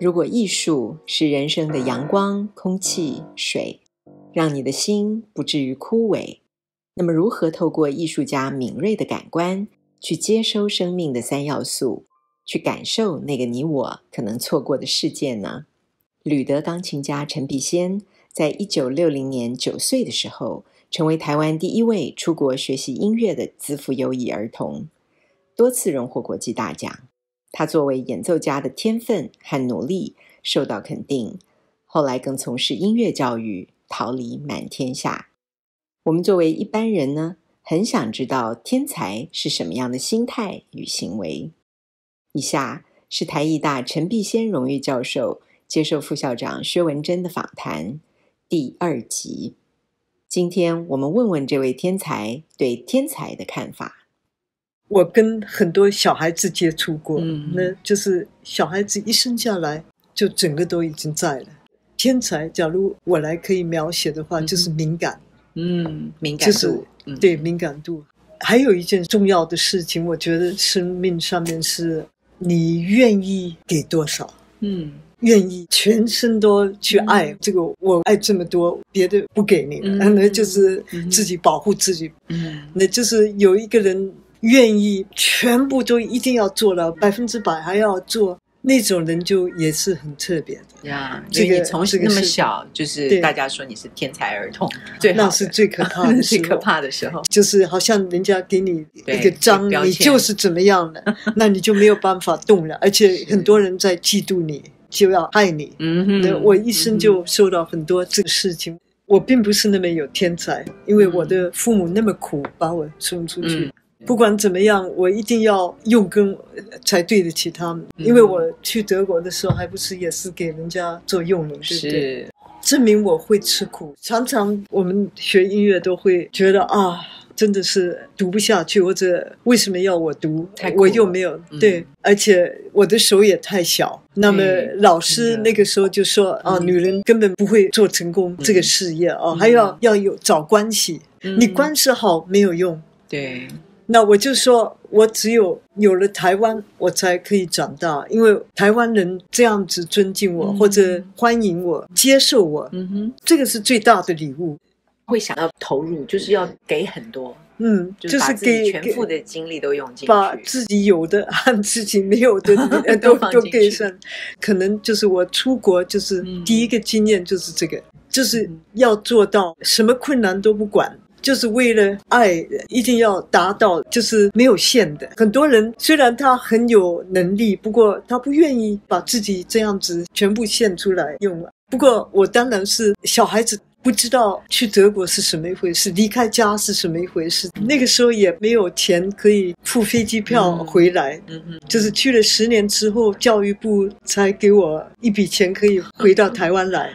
如果藝術是人生的陽光、空氣、水，讓你的心不至於枯萎，那麼如何透過藝術家敏銳的感官，去接收生命的三要素，去感受那個你我可能錯過的世界呢？旅德鋼琴家陳必先在一九六零年九歲的時候，成為台灣第一位出國學習音樂的資賦優異兒童，多次榮獲國際大獎。她作為演奏家的天分和努力受到肯定。後來更從事音樂教育，桃李滿天下。我們作為一般人呢，很想知道天才是什麼樣的心態與行為。以下是台藝大陳必先榮譽教授接受副校長薛文珍的訪談第二集。今天我們問問這位天才對天才的看法。我跟很多小孩子接觸過，嗯、那就是小孩子一生下來就整個都已經在了。天才，假如我來可以描寫的話，嗯、就是敏感，嗯，敏感度，就是、對，敏感度、嗯。還有一件重要的事情，我覺得生命上面是你願意給多少？嗯。願意全身都去愛、嗯、這個，我愛這麼多，別的不給你、嗯，那就是自己保護自己。嗯，那就是有一個人願意全部都一定要做了，百分之百還要做那種人，就也是很特別的呀。這個你從那麼小、這個是，就是大家說你是天才兒童，對，那是最可怕的，最可怕的時候，就是好像人家給你一個章，你就是怎麼樣了，那你就沒有辦法動了， 而且很多人在嫉妒你。就要愛你、嗯哼，我一生就受到很多這個事情、嗯。我並不是那麼有天才，因為我的父母那麼苦把我送出去、嗯。不管怎麼樣，我一定要用功，才對得起他們。因為我去德國的時候，還不是也是給人家做傭人、嗯，對對是，證明我會吃苦。常常我們學音樂都會覺得啊。真的是讀不下去，或者為什麼要我讀？我又沒有、嗯、對，而且我的手也太小。那麼老師那個時候就說：“啊、哦嗯，女人根本不會做成功這個事業啊、嗯哦，還要要有找關係，嗯、你關係好、嗯、沒有用。”對。那我就說，我只有有了台灣，我才可以長大，因為台灣人這樣子尊敬我，嗯、或者歡迎我，接受我，嗯哼，這個是最大的禮物。會想要投入，就是要給很多，嗯，就是給全部的精力都用進去，嗯就是，把自己有的和自己沒有的 都都給上。可能就是我出國，就是第一個經驗就是這個，嗯，就是要做到什麼困難都不管，就是為了愛，一定要達到就是沒有限的。很多人雖然他很有能力，嗯、不過他不願意把自己這樣子全部獻出來用了。不過我當然是小孩子。不知道去德國是什麼一回事，離開家是什麼一回事。那個時候也沒有錢可以付飛機票回來，嗯嗯，就是去了十年之後，教育部才給我一筆錢可以回到台灣來。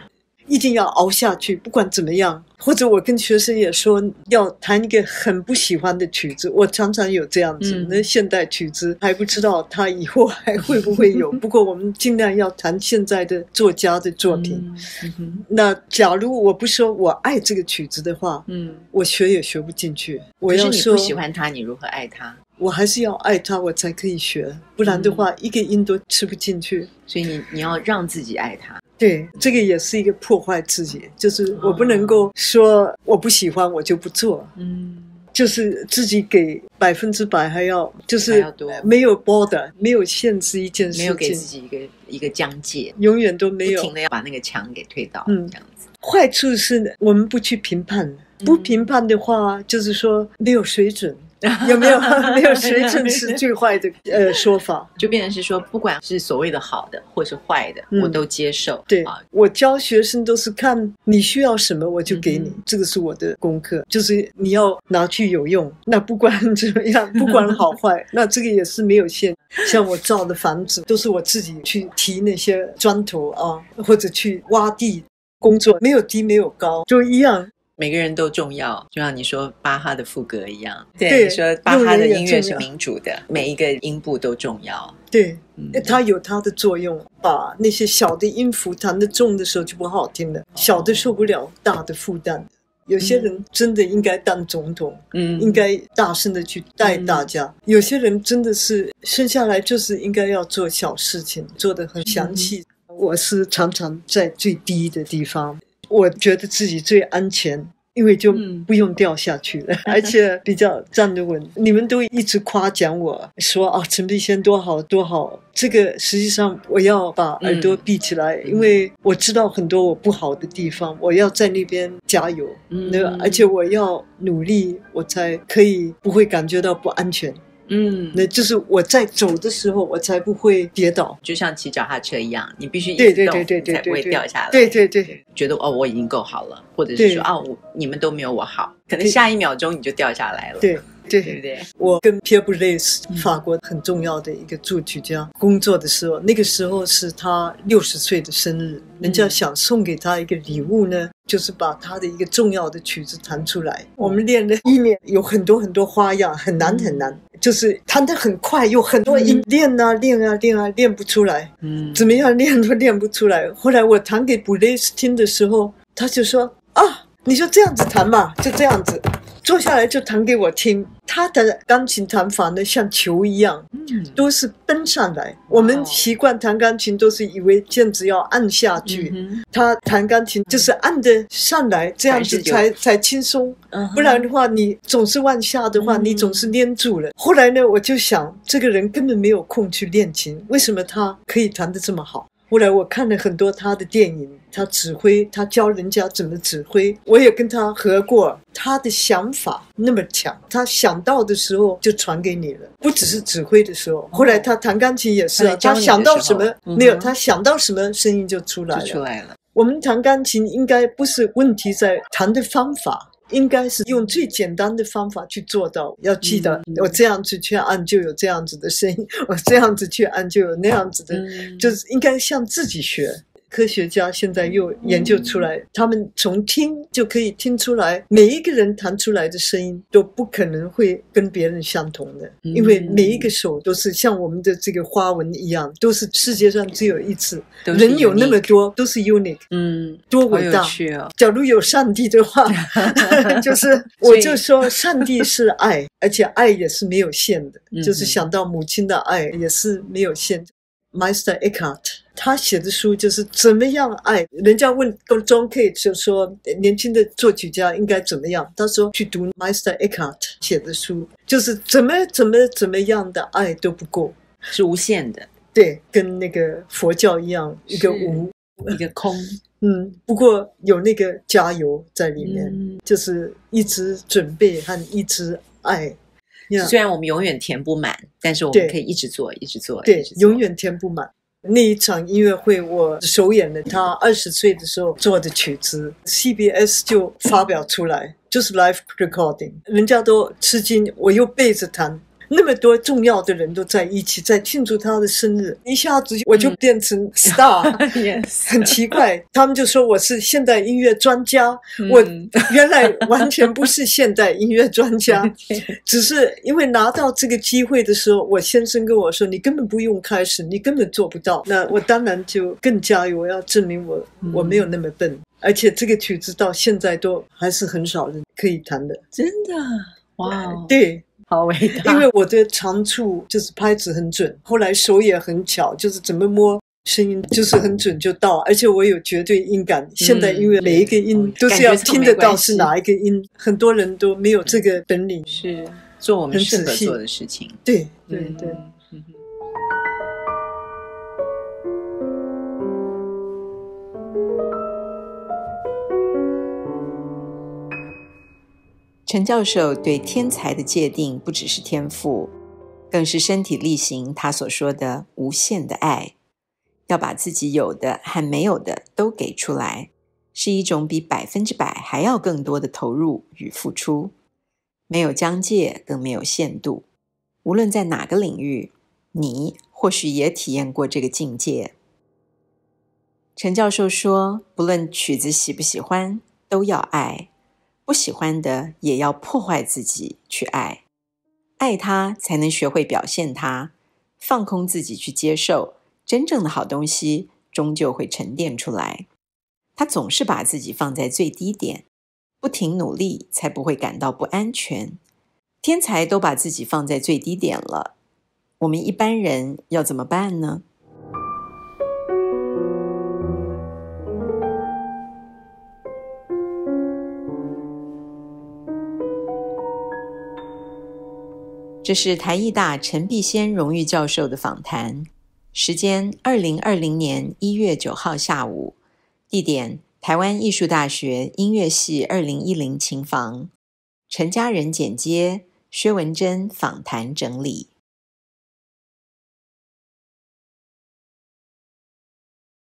一定要熬下去，不管怎麼樣。或者我跟學生也說，要彈一個很不喜歡的曲子，我常常有這樣子。嗯、那現代曲子還不知道他以後還會不會有， 不過我們盡量要彈現在的作家的作品、嗯嗯。那假如我不說我愛這個曲子的話，嗯，我學也學不進去。我要說，可是你不喜歡他，你如何愛他？我還是要愛他，我才可以學，不然的話、嗯、一個音都吃不進去。所以你你要讓自己愛他。對，這個也是一個破壞自己，就是我不能夠說我不喜歡我就不做，哦、嗯，就是自己給百分之百還要就是沒有 border 沒有限制一件事情，沒有給自己一個一個疆界，永遠都沒有不停的要把那個牆給推倒，嗯，這樣子。壞處是，我們不去評判，不評判的話，嗯、就是說沒有水準。 有沒有沒有誰正是最壞的 呃說法，就變成是說，不管是所謂的好的或是壞的、嗯，我都接受。對、哦、我教學生都是看你需要什麼，我就給你、嗯。這個是我的功課，就是你要拿去有用。那不管怎麼樣，不管好壞， 那這個也是沒有限。像我造的房子，都是我自己去提那些磚頭啊、哦，或者去挖地工作，沒有低，沒有高，就一樣。每個人都重要，就像你說巴哈的賦格一樣對對，你說巴哈的音樂是民主的，每一個音部都重要。對，嗯，它有它的作用。把那些小的音符彈得重的時候就不好聽了，哦、小的受不了大的負擔。有些人真的應該當總統，嗯，應該大聲的去帶大家、嗯。有些人真的是生下來就是應該要做小事情，做得很詳細，嗯嗯。我是常常在最低的地方。我覺得自己最安全，因為就不用掉下去了，嗯、而且比較站得穩。 你們都一直誇獎我說啊，陳、哦、必先多好多好。這個實際上我要把耳朵閉起來、嗯，因為我知道很多我不好的地方，我要在那邊加油。嗯，那個、而且我要努力，我才可以不會感覺到不安全。嗯，那就是我在走的時候，我才不會跌倒，就像騎腳踏車一樣，你必須一動才不會掉下來。對對對，對，對，對，對，對，覺得哦我已經夠好了，或者是說啊我你們都沒有我好，可能下一秒鐘你就掉下來了。對對對，對對對我跟 Pierre Boulez 法國很重要的一個作曲家、嗯嗯、一個作曲家工作的時候，那個時候是他六十歲的生日，人家想送給他一個禮物呢，就是把他的一個重要的曲子彈出來。嗯、我們練了一年、嗯，有很多很多花樣，很難很難。嗯就是彈得很快，有很多音，嗯，練啊練啊練啊練不出來、嗯，怎麼樣練都練不出來。後來我彈給布萊斯聽的時候，他就說：“啊，你就這樣子彈吧，就這樣子。”坐下來就彈給我聽，他的鋼琴彈法呢像球一樣、嗯，都是奔上來、wow。我們習慣彈鋼琴都是以為這樣子要按下去、嗯，他彈鋼琴就是按得上來、嗯，這樣子才才，才輕鬆、uh -huh。不然的話，你總是往下的話，嗯、你總是粘住了。後來呢，我就想，這個人根本沒有空去練琴，為什麼他可以彈得這麼好？後來我看了很多他的電影，他指揮，他教人家怎麼指揮。我也跟他合過，他的想法那麼強，他想到的時候就傳給你了，不只是指揮的時候。後來他彈鋼琴也是啊、Okay，他想到什麼、嗯、沒有？他想到什麼聲音就出來了。就出來了。我們彈鋼琴應該不是問題在彈的方法。應該是用最簡單的方法去做到。要記得，我這樣子去按就有這樣子的聲音，我這樣子去按就有那樣子的，就是應該向自己學。科學家現在又研究出來，嗯、他們從聽就可以聽出來，嗯，每一個人彈出來的聲音都不可能會跟別人相同的，嗯、因為每一個手都是像我們的這個花紋一樣，嗯、都是世界上只有一次。Unique, 人有那麼多，都是 unique。嗯，多偉大！有趣啊，哦。假如有上帝的話， 就是我就說，上帝是愛， 而且愛也是沒有限的，嗯。就是想到母親的愛也是沒有限的，嗯。Master Eckhart。他寫的書就是怎麼樣愛？人家問 John Cage 就說，年輕的作曲家應該怎麼樣？他說，去讀 Meister Eckhart 寫的書，就是怎麼怎麼怎麼樣的愛都不夠，是無限的，對，跟那個佛教一樣，一個無，一,一,一個空， 嗯，不過有那個加油在裡面，就是一直準備和一直愛、嗯。Yeah、雖然我們永遠填不滿，但是我們可以一直，一直做，一直做，對，永遠填不滿。那一場音樂會，我首演了他二十歲的時候做的曲子，CBS 就發表出來，就是 live recording，人家都吃驚，我又背着彈。那麼多重要的人都在一起在慶祝他的生日，一下子我就變成 star，、嗯、很奇怪、嗯。他們就說我是現代音樂專家、嗯，我原來完全不是現代音樂專家，嗯、只是因為拿到這個機會的時候，我先生跟我說：“你根本不用開始，你根本做不到。”那我當然就更加油，我要證明我我沒有那麼笨、嗯，而且這個曲子到現在都還是很少人可以彈的，真的哇、wow！對。因為我的長處就是拍子很準，後來手也很巧，就是怎麼摸聲音就是很準就到，而且我有絕對音感。嗯、現在因為每一個音都是要聽得到是哪一個音，很多人都沒有這個本領。嗯、是，很仔細是做我們適合做的事情。對、嗯、對對。嗯陳教授對天才的界定不只是天賦，更是身體力行他所說的“無限的愛”，要把自己有的還沒有的都給出來，是一種比百分之百還要更多的投入與付出，沒有疆界，更沒有限度。無論在哪個領域，你或許也體驗過這個境界。陳教授說：“不論曲子喜不喜歡，都要愛。”不喜歡的也要破壞自己去愛，愛他才能學會表現他，放空自己去接受，真正的好東西終究會沉澱出來。他總是把自己放在最低點，不停努力才不會感到不安全。天才都把自己放在最低點了，我們一般人要怎麼辦呢？這是台藝大陳必先榮譽教授的訪談，時間二零二零年一月九號下午，地點台灣藝術大學音樂系二零一零琴房，陳嘉壬剪接，薛文珍訪談整理。